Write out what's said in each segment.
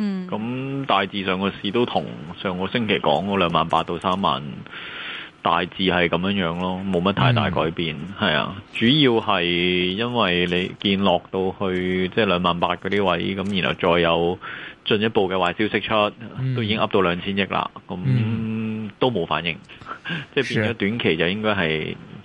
咁、嗯、大致上個市都同上個星期講嗰兩萬八到三萬，大致係咁樣囉，咯，冇乜太大改變。係、嗯、啊，主要係因為你見落到去即係兩萬八嗰啲位，咁然後再有進一步嘅壞消息出、嗯，都已經 up 到兩千億啦，咁、嗯、都冇反應，即係變咗短期就應該係。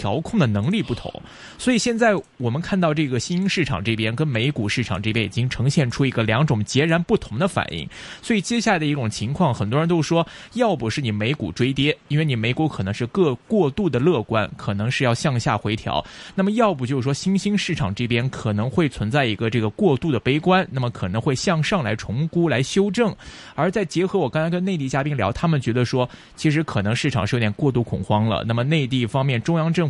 調控的能力不同，所以現在我們看到這個新興市場這邊跟美股市場這邊已經呈現出一個兩種截然不同的反應。所以接下來的一種情況，很多人都說，要不是你美股追跌，因為你美股可能是各過度的樂觀，可能是要向下回調；那麼要不就是說新興市場這邊可能會存在一個這個過度的悲觀，那麼可能會向上來重估、來修正。而再結合我剛才跟內地嘉賓聊，他們覺得說，其實可能市場是有點過度恐慌了。那麼內地方面，中央政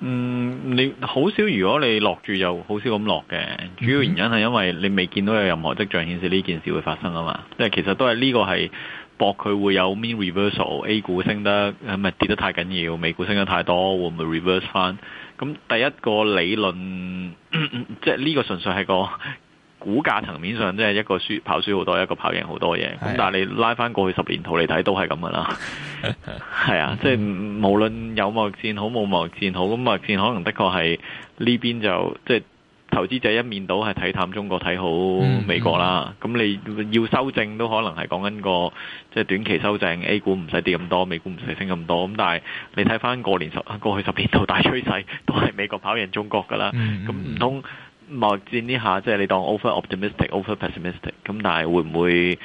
嗯，你好少。如果你落住，又好少咁落嘅。主要原因係因為你未見到有任何跡象顯示呢件事會發生啊嘛。即係其實都係呢個係博佢會有 mean reversal。A 股升得係咪跌得太緊要，美股升得太多，會唔會 reverse 翻？咁第一個理論，即係呢個純粹係個。股價層面上，即係一個輸跑輸好多，一個跑贏好多嘢。咁、啊、但係你拉翻過去十年圖嚟睇，都係咁噶啦。係啊，即、就、係、是、無論有貿易戰好，冇貿易戰好，咁貿易戰可能的確係呢邊就即係、就是、投資者一面倒係睇淡中國，睇好美國啦。咁、嗯嗯、你要修正都可能係講緊個即係、就是、短期修正，A 股唔使跌咁多，美股唔使升咁多。咁但係你睇翻過年十過去十年圖大趨勢，都係美國跑贏中國噶啦。咁唔通？嗯嗯貿易戰呢下即係你當 over optimistic over pessimistic 咁，但係會唔會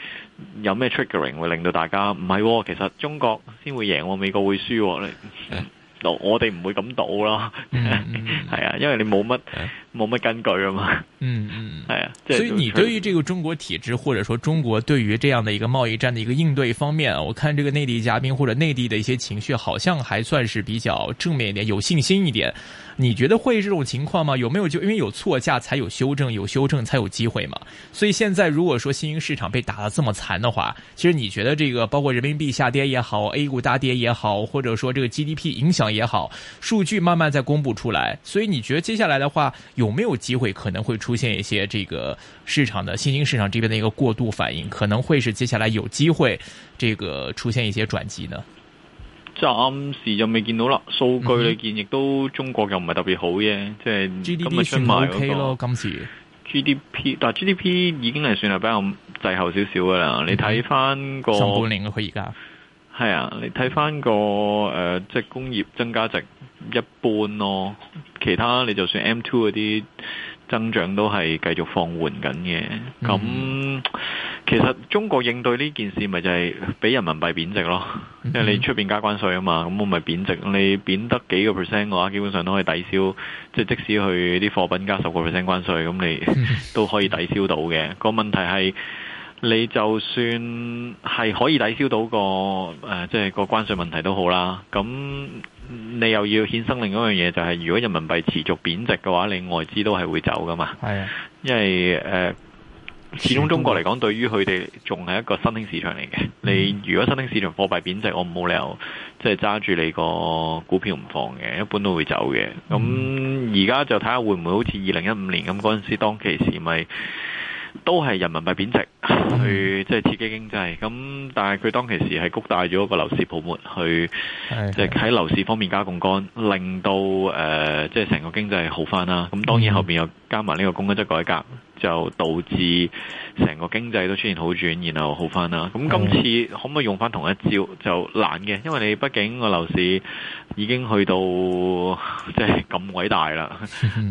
有咩 triggering 會令到大家唔係，其實中國先會贏，美國會輸，Yeah. 我哋唔會咁賭咯，係啊，因為你冇乜。Yeah. 冇乜根據啊嘛，嗯嗯係啊，所以你對於這個中國體制，或者說中國對於這樣的一個貿易戰的一個應對方面，我看這個內地嘉賓或者內地的一些情緒，好像還算是比較正面一點，有信心一點。你覺得會這種情況嗎？有沒有就因為有錯價才有修正，有修正才有機會嘛？所以現在如果說新興市場被打得這麼慘的話，其實你覺得這個包括人民幣下跌也好，A 股大跌也好，或者說這個 GDP 影響也好，數據慢慢在公布出來，所以你覺得接下來的話有沒有機會可能會出現一些這個市場的新興市場這邊的一個過度反應，可能會是接下來有機會，這個出現一些轉機呢？暫時就未見到啦，數據你見亦都中國又唔係特別好嘅、嗯，即係 GDP 算 OK 咯，今次 GDP 但係 GDP 已經係算係比較滯後少少噶啦。你睇翻，個上半年咯，佢而家係啊，你睇翻，個誒、呃，即係工業增加值一般咯。其他你就算 M2 嗰啲增長都係繼續放緩緊嘅。咁、mm -hmm. 其實中國應對呢件事咪就係俾人民幣貶值咯，因為你出面加關稅啊嘛，咁我咪貶值。你貶得幾個 percent 嘅話，基本上都可以抵消。即係即使去啲貨品加十個 percent 關稅，咁你都可以抵消到嘅。 個問題係。你就算係可以抵消到個誒，即、呃係、個關稅問題都好啦。咁你又要衍生另一樣嘢，就係如果人民幣持續貶值嘅話，你外資都係會走㗎嘛？係啊，因為、呃、始終中國嚟講，對於佢哋仲係一個新興市場嚟嘅。你如果新興市場貨幣貶值，我冇理由即係揸住你個股票唔放嘅，一般都會走嘅。咁而家就睇下會唔會好似二零一五年咁嗰陣時當其時咪、就係。都係人民幣貶值去，即係刺激經濟，咁但係佢當其時係谷大咗個個樓市泡沫去，是是即係喺樓市方面加槓桿，令到誒、呃，即係成個經濟好翻啦。咁當然後邊有加埋呢個供給側改革，就導致成個經濟都出現好轉，然後好翻啦。咁今次可唔可以用翻同一招就難嘅？因為你畢竟個樓市已經去到即係咁偉大啦。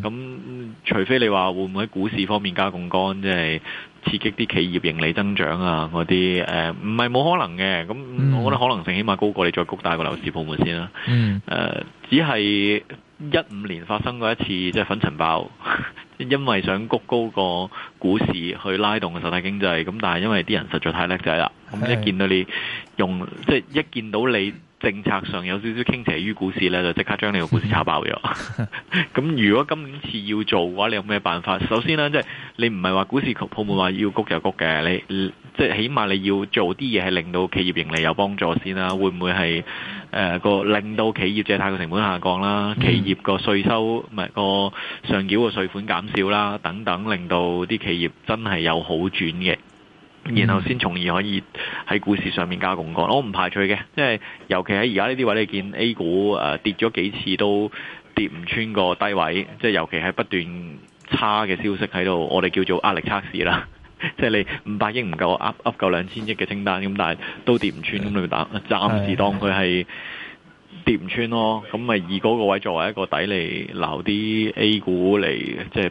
咁 除非你話會唔會喺股市方面加槓桿，即係？刺激啲企業盈利增長啊！嗰啲誒唔係冇可能嘅，咁我覺得可能性起碼高過你再谷大個樓市泡沫先啦。誒、嗯呃，只係一五年發生過一次即係、就是、粉塵爆，因為想谷高個股市去拉動實體經濟，咁但係因為啲人實在太叻仔啦，咁一見到你用即係、就是、一見到你。政策上有少少傾斜於股市呢，就即刻將你個股市炒爆咗。咁 如果今次要做嘅話，你有咩辦法？首先呢，即、就、係、是、你唔係話股市泡沫話要谷就谷嘅，你即係、就是、起碼你要做啲嘢係令到企業盈利有幫助先啦、啊。會唔會係誒、呃、令到企業借貸嘅成本下降啦？嗯、企業個稅收唔係個上繳個稅款減少啦，等等令到啲企業真係有好轉嘅。然後先從而可以喺股市上面加槓杆，我唔排除嘅，因為尤其喺而家呢啲位，你見 A 股誒、呃、跌咗幾次都跌唔穿個低位，即係尤其係不斷差嘅消息喺度，我哋叫做壓力測試啦。即係你五百億唔夠，壓壓夠兩千億嘅清單，咁但係都跌唔穿，咁你打暫時當佢係跌唔穿咯，咁咪以嗰個位作為一個底嚟撈啲 A 股嚟，即係。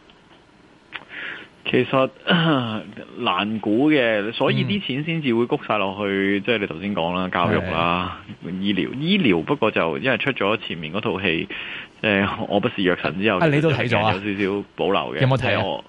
其實呵呵難估嘅，所以啲錢先至會谷晒落去。嗯、即係你頭先講啦，教育啦、啊，醫療。醫療不過就因為出咗前面嗰套戲，誒、呃，我不是藥神之後，啊、你都睇咗，有少少保留嘅。有冇睇？啊、我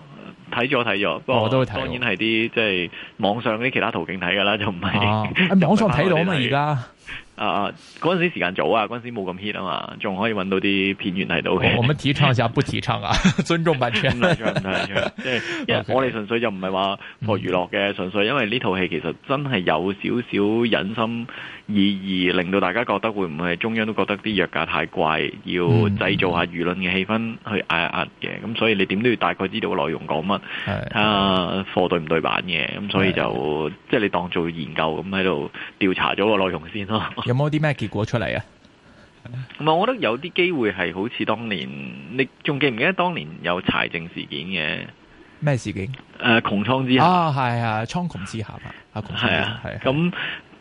睇咗睇咗，不過我都睇。我啊、當然係啲即係網上啲其他途徑睇噶啦，就唔係、啊、網上睇到嘛，而家。 啊！嗰陣時，時間早啊，嗰陣時冇咁 hit 啊嘛，仲可以揾到啲片源喺度嘅。我們提倡一下，不提倡啊， 尊重版權，即係，因為我哋純粹就唔係話破娛樂嘅，純粹因為呢套戲其實真係有少少隱心意義，令到大家覺得會唔會中央都覺得啲藥價太貴，要製造一下輿論嘅氣氛，去壓一壓嘅。咁、嗯、所以你點都要大概知道內容講乜，睇下貨對唔對版嘅。咁、嗯、所以就、嗯、即係你當做研究咁喺度調查咗個內容先咯。有冇啲咩結果出嚟啊、嗯？我覺得有啲機會係好似當年，你仲記唔記得當年有柴靜事件嘅咩事件？誒、啊，窮蒼之下啊，係係蒼穹之下啊，係啊係。咁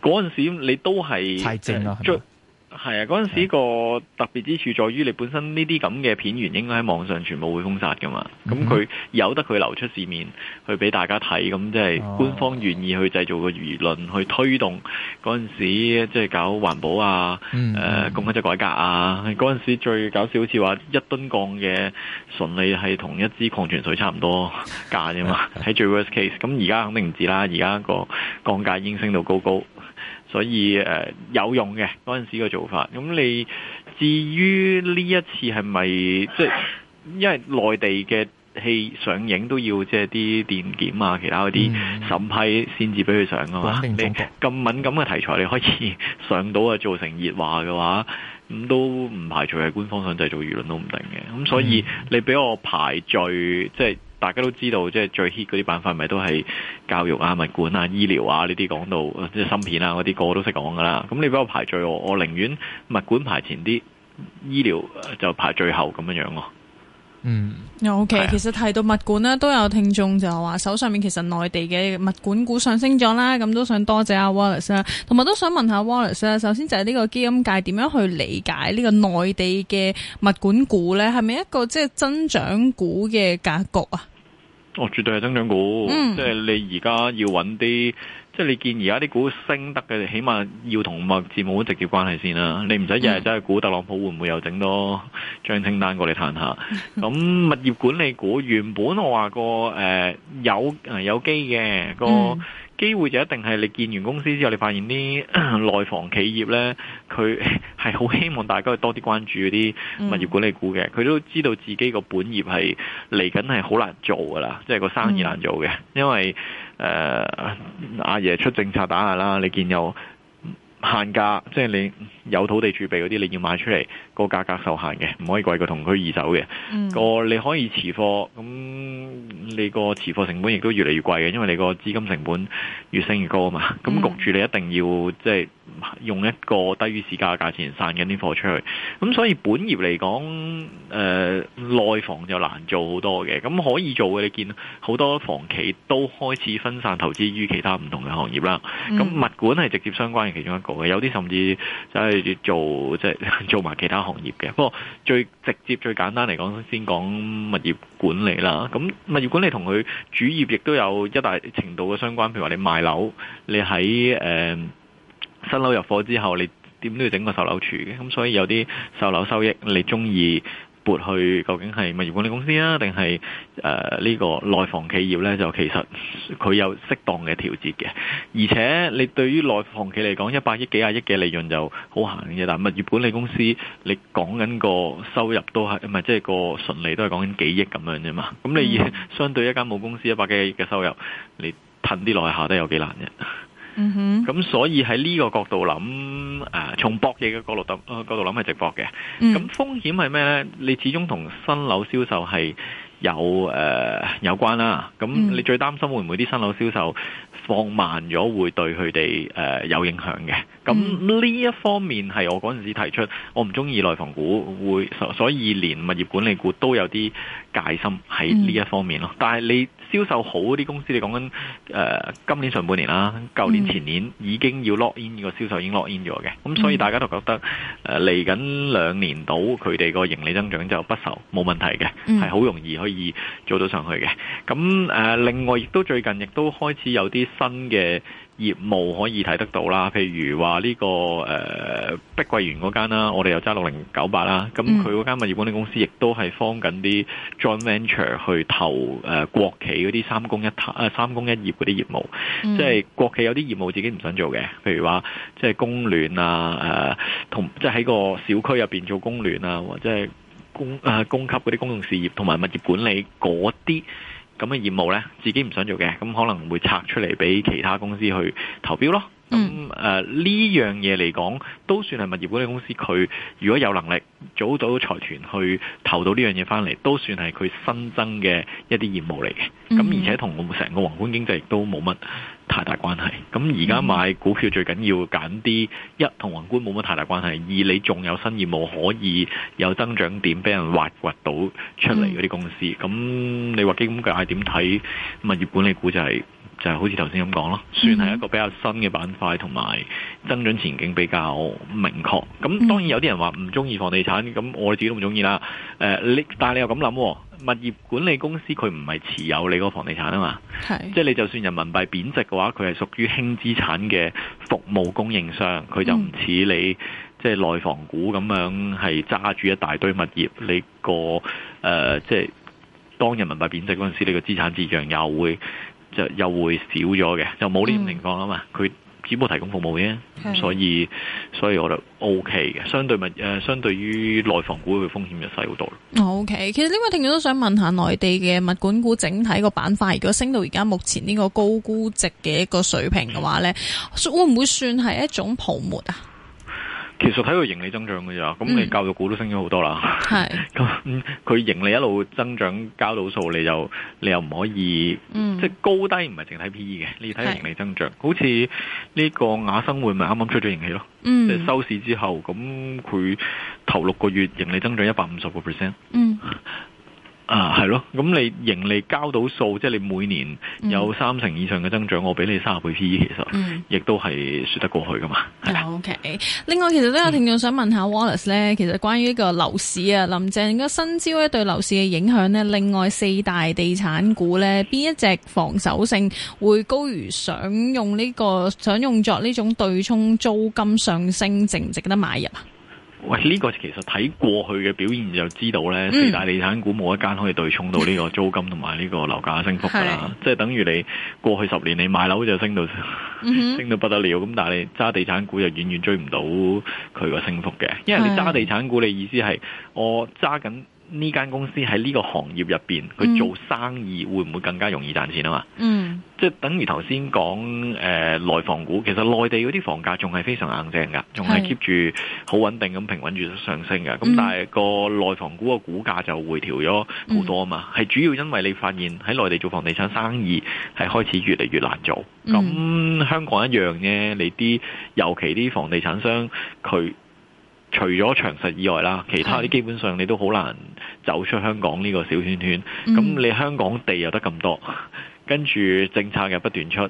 嗰陣時你都係柴靜啊。係啊，嗰陣時個特別之處在於，你本身呢啲咁嘅片源應該喺網上全部會封殺㗎嘛，咁、mm、佢 -hmm. 由得佢流出市面去俾大家睇，咁即係官方願意去製造個輿論去推動嗰陣時，即係搞環保啊，誒公積金改革啊，嗰陣時最搞笑好似話一噸鋼嘅純利係同一支礦泉水差唔多價啫嘛，喺、mm -hmm. 最 worst case，咁而家肯定唔止啦，而家個鋼價已經升到高高。所以誒、呃、有用嘅嗰陣時個做法，咁你至於呢一次係咪即係因為內地嘅戲上映都要即係啲電檢啊、其他嗰啲審批先至俾佢上㗎嘛？咁、嗯、你敏感嘅題材，你可以上到啊，造成熱話嘅話，咁都唔排除係官方想製造輿論都唔定嘅。咁所以你俾我排序即係。大家都知道，即係最 hit 嗰啲板塊，咪都係教育啊、物管啊、醫療啊呢啲講到，即係芯片啊嗰啲，個個都識講噶啦。咁你俾我排最，我我寧願物管排前啲，醫療就排最後咁樣樣咯。嗯，OK。其實提到物管咧，都有聽眾就話手上面其實內地嘅物管股上升咗啦，咁都想多謝阿 Wallace 啦，同埋都想問下 Wallace 啊。首先就係呢個基金界點樣去理解呢個內地嘅物管股咧，係咪一個即係增長股嘅格局啊？我、哦、絕對係增長股，即係你而家要揾啲，即係你，你見而家啲股升得嘅，起碼要同物業冇直接關係先啦。你唔使日日走去估特朗普會唔會又整多張清單過嚟談下。咁、嗯、物業管理股原本我話過誒有有機嘅個。嗯機會就一定係你見完公司之後，你發現啲 內房企業呢，佢係好希望大家去多啲關注嗰啲物業管理股嘅。佢、嗯、都知道自己個本業係嚟緊係好難做噶啦，即、就、係、是、個生意難做嘅、嗯。因為誒，阿、呃、爺出政策打壓啦，你見有限價，即、就、係、是、你有土地儲備嗰啲，你要賣出嚟、那個價格受限嘅，唔可以貴過同區二手嘅。個、嗯、你可以持貨咁。你個持貨成本亦都越嚟越貴嘅，因為你個資金成本越升越高啊嘛。咁焗住你一定要即係用一個低於市價嘅價錢散緊啲貨出去。咁所以本業嚟講，誒、呃、內房就難做好多嘅。咁可以做嘅，你見好多房企都開始分散投資於其他唔同嘅行業啦。咁物管係直接相關嘅其中一個嘅，有啲甚至就係做即係做埋其他行業嘅。不過最直接、最簡單嚟講，先講物業。管理啦，咁物業管理同佢主業亦都有一大程度嘅相關。譬如話你賣樓，你喺誒、呃、新樓入貨之後，你點都要整個售樓處嘅，咁所以有啲售樓收益，你中意。去究竟係物業管理公司啊，定係誒呢個內房企業呢？就其實佢有適當嘅調節嘅，而且你對於內房企嚟講，一百億幾廿億嘅利潤就好行嘅，但物業管理公司你講緊個收入都係唔係即係個純利都係講緊幾億咁樣啫嘛？咁你以相對一間母公司一百幾億嘅收入，你騰啲內下都有幾難嘅。咁、嗯、所以喺呢個角度諗，誒、呃，從博弈嘅角度度、呃，角度諗係直搏嘅。咁風險係咩呢？你始終同新樓銷售係有誒、呃、有關啦。咁你最擔心會唔會啲新樓銷售放慢咗，會對佢哋誒有影響嘅。咁呢一方面係我嗰陣時候提出，我唔中意內房股會，所以連物業管理股都有啲戒心喺呢一方面咯、嗯。但係你。銷售好啲公司，你講緊誒今年上半年啦，舊年前年已經要 lock in 個銷售已經 lock in 咗嘅，咁、嗯、所以大家都覺得嚟緊、呃、兩年到佢哋個盈利增長就不愁冇問題嘅，係、嗯、好容易可以做到上去嘅。咁誒、呃，另外亦都最近亦都開始有啲新嘅業務可以睇得到啦，譬如話呢、這個誒、呃、碧桂園嗰間啦，我哋又揸六零九八啦，咁佢嗰間物業管理公司亦都係放緊啲 joint venture 去投誒、呃、國企嗰啲三公一誒三公一業嗰啲業務，即、嗯、係、就是、國企有啲業務自己唔想做嘅，譬如話即係供暖啊，誒、呃、同即係喺個小區入邊做供暖啊，或者係、呃、供誒供給嗰啲公共事業同埋物業管理嗰啲。咁嘅業務呢，自己唔想做嘅，咁可能會拆出嚟俾其他公司去投標咯。咁誒呢樣嘢嚟講，都算係物業管理公司佢如果有能力，組到財團去投到呢樣嘢翻嚟，都算係佢新增嘅一啲業務嚟嘅。咁而且同我成個宏觀經濟亦都冇乜。太大關係，咁而家買股票最緊要揀啲一，同宏觀冇乜太大關係；二，你仲有新業務可以有增長點，俾人挖掘到出嚟嗰啲公司。咁、嗯、你話基金界係點睇物業管理股就係、就係、好似頭先咁講咯，算係一個比較新嘅板塊，同埋增長前景比較明確。咁當然有啲人話唔中意房地產，咁我自己都唔中意啦。誒、呃，你但係你又咁諗喎？物業管理公司佢唔係持有你個房地產啊嘛，是即係你就算人民幣貶值嘅話，佢係屬於輕資產嘅服務供應商，佢就唔似你、嗯、即係內房股咁樣係揸住一大堆物業，你個誒、呃、即係當人民幣貶值嗰陣時，你個資產折讓又會又會少咗嘅，就冇呢種情況啊嘛，佢、嗯。只冇提供服務嘅，所以所以我覺得 OK 嘅，相對物誒、呃、相對於內房股嘅風險就細好多咯。OK，其實呢位聽友都想問下，內地嘅物管股整體個板塊，如果升到而家目前呢個高估值嘅一個水平嘅話咧，會唔會算係一種泡沫啊？其實睇佢盈利增長嘅咋，咁你教育股都升咗好多啦。係、嗯，咁 佢盈利一路增長，交到數，你就你又唔可以，嗯、即係高低唔係淨睇 P E 嘅，你要睇盈利增長。好似呢個雅生活咪啱啱出咗盈喜咯，即、嗯就係、收市之後，咁佢頭六個月盈利增長一百五十個 percent。嗯啊，係咯，咁你盈利交到數，即係你每年有三成以上嘅增長，嗯、我俾你三十倍 PE，其實、嗯、亦都係說得過去噶嘛。係、OK，另外其實都有聽眾想問下 Wallace 咧、嗯，其實關於呢個樓市啊，林鄭嘅新招咧對樓市嘅影響呢？另外四大地產股呢邊一隻防守性會高於想用呢、呢個想用作呢種對沖租金上升，值唔值得買入啊？喂，呢、呢個其實睇過去嘅表現就知道呢、嗯、四大地產股冇一間可以對沖到呢個租金同埋呢個樓價的升幅噶啦，即係等於你過去十年你買樓就升到、嗯、升到不得了，咁但係你揸地產股就遠遠追唔到佢個升幅嘅，因為你揸地產股，你意思係我揸緊。呢間公司喺呢個行業入面佢、嗯、做生意會唔會更加容易賺錢啊，嘛，嗯，即係等於頭先講誒內房股，其實內地嗰啲房價仲係非常硬正㗎，仲係 keep 住好穩定咁平穩住上升㗎。咁但係個內房股嘅股價就回調咗好多啊嘛，係、嗯、主要因為你發現喺內地做房地產生意係開始越嚟越難做。咁、嗯、香港一樣呢，你啲尤其啲房地產商佢。除咗長實以外啦，其他啲基本上你都好難走出香港呢個小圈圈。咁你香港地又得咁多，跟住政策又不斷出，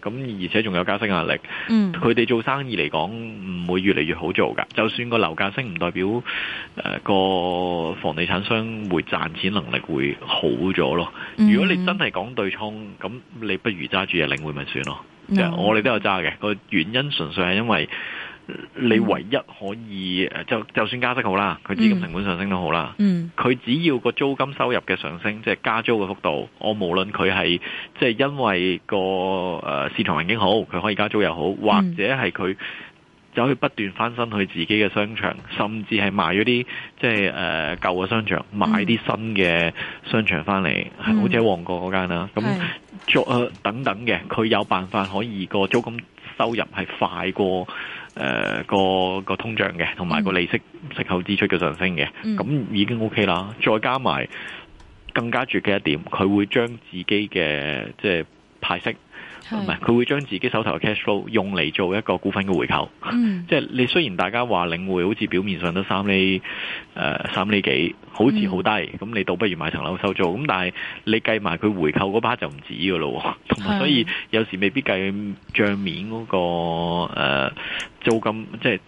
咁而且仲有加息壓力。佢、嗯、哋做生意嚟講唔會越嚟越好做噶。就算個樓價升，唔代表、呃、個房地產商會賺錢能力會好咗咯、嗯。如果你真係講對沖，咁你不如揸住隻領匯咪算咯。嗯，就是、我哋都有揸嘅，個原因純粹係因為。你唯一可以就、嗯、就算加息好啦，佢資金成本上升都好啦。嗯，佢只要個租金收入嘅上升，即、就、係、是、加租嘅幅度，我無論佢係即係因為個誒市場環境好，佢可以加租又好，或者係佢走去不斷翻新去自己嘅商場，嗯、甚至係賣咗啲即係誒舊嘅商場，買啲新嘅商場翻嚟，嗯、好似喺旺角嗰間啦。咁、嗯呃、等等嘅，佢有辦法可以個租金收入係快過誒、呃、個個通脹嘅，同埋個利息息口支出嘅上升嘅，咁、嗯、已經 OK 啦。再加埋更加絕嘅一點，佢會將自己嘅即係派息。唔係，佢會將自己手頭嘅 cash flow 用嚟做一個股份嘅回購，嗯，即係你雖然大家話領匯好似表面上都三厘，誒、呃，三厘幾，好似好低，咁、嗯、你倒不如買層樓收租，咁但係你計埋佢回購嗰 part 就唔止噶咯，同埋所以有時未必計賬面嗰、那個誒租金，即係。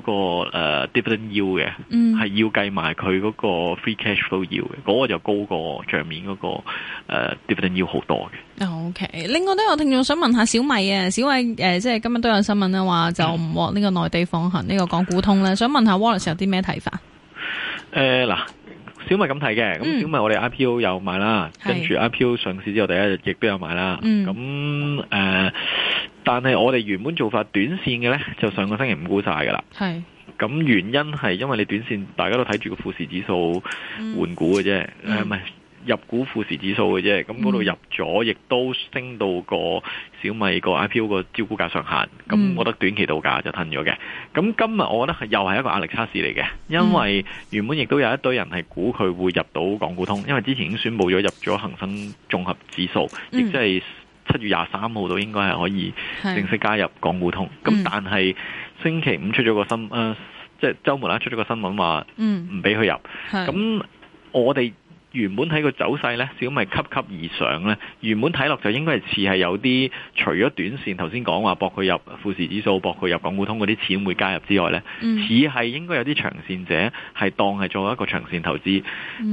嗰、那個、uh, dividend yield 嘅，係、嗯、要計埋佢嗰個 free cash flow yield 嘅，嗰、那個就高過帳面嗰、那個、uh, dividend yield 好多嘅。OK，另外都有聽眾想問下小米啊，小米誒、呃、即係今日都有新聞咧話就唔獲呢個內地放行呢、這個港股通咧，想問下 Wallace 有啲咩睇法？誒、呃、嗱，小米咁睇嘅，咁小米我哋 IPO 有買啦、嗯，跟住 IPO 上市之後第一日亦都有買啦，咁、嗯、誒。但係我哋原本做法短線嘅呢，就上個星期五估曬噶啦。咁原因係，因為你短線大家都睇住個富時指數換股嘅啫、嗯，唔係入股富時指數嘅啫。咁嗰度入咗，亦、嗯、都升到個小米個 IPO 個招股價上限。咁我覺得短期度價就吞咗嘅。咁、嗯、今日我覺得又係一個壓力測試嚟嘅，因為原本亦都有一堆人係估佢會入到港股通，因為之前已經宣布咗入咗恒生綜合指數，亦即係。七月廿三號，到應該係可以正式加入港股通，咁、嗯、但係星期五出咗個新聞，誒、呃，即係周末啦，出咗個新聞話唔俾佢入。咁、嗯、我哋原本睇個走勢呢，小米級級級而上呢，原本睇落就應該係似係有啲除咗短線，頭先講話駁佢入富時指數，駁佢入港股通嗰啲錢會加入之外呢、嗯，似係應該有啲長線者係當係做一個長線投資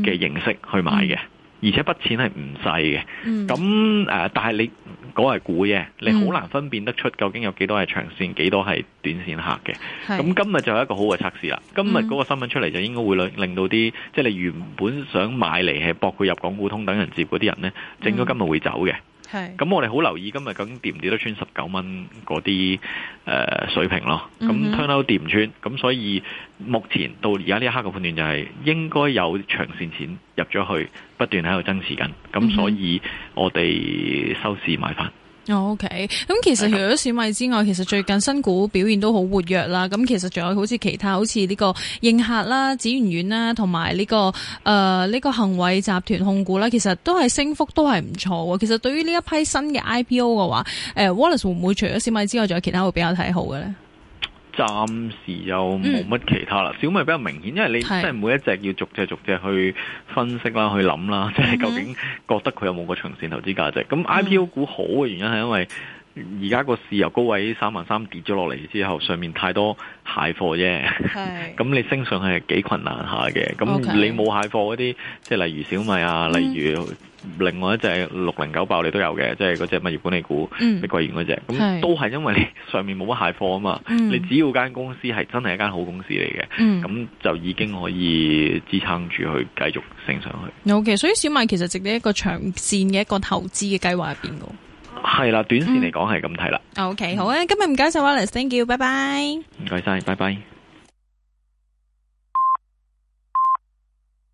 嘅形式去買嘅。嗯嗯而且筆錢係唔細嘅，咁、嗯、誒、呃，但係你講係估嘅，你好難分辨得出究竟有幾多係長線，幾多係短線客嘅。咁今日就係一個好嘅測試啦。今日嗰個新聞出嚟就應該會令到啲、嗯，即係你原本想買嚟係博佢入港股通等人接嗰啲人呢，應該今日會走嘅。嗯係，咁我哋好留意今日究竟掂唔掂得穿十九蚊嗰啲，誒、呃、水平咯。咁、mm -hmm. turn o 掂唔穿，咁所以目前到而家呢一刻嘅判斷就係應該有長線錢入咗去，不斷喺度增持緊，咁所以我哋收市買翻。哦，OK，咁其實除咗小米之外，其實最近新股表現都好活躍啦。咁其實仲有好似其他，好似呢個應客啦、紫圓圓啦，同埋呢個誒呢、呃這個恒偉集團控股啦，其實都係升幅都係唔錯。其實對於呢一批新嘅 IPO 嘅話，誒，Wallace 會唔會除咗小米之外，仲有其他會比較睇好嘅咧？暫時又冇乜其他啦、嗯，小米比較明顯，因為你真係每一隻要逐隻逐隻去分析啦，去諗啦，即係究竟覺得佢有冇個長線投資價值？咁 IPO 股好嘅原因係因為。而家個市由高位三萬三跌咗落嚟之後，上面太多蟹貨啫，咁 你升上去係幾困難下嘅。咁、okay。你冇蟹貨嗰啲，即係例如小米啊，嗯、例如另外一隻六零九八你都有嘅，即係嗰隻物業管理股碧桂園嗰隻，咁、嗯、都係因為你上面冇乜蟹貨啊嘛、嗯。你只要間公司係真係一間好公司嚟嘅，咁、嗯、就已經可以支撐住去繼續升上去。O、okay. K，所以小米其實值得一個長線嘅一個投資嘅計劃入邊係啦，短線嚟講係咁睇啦。OK，好啊，今日唔該晒，Wallace，thank you，拜拜。唔該晒，拜拜。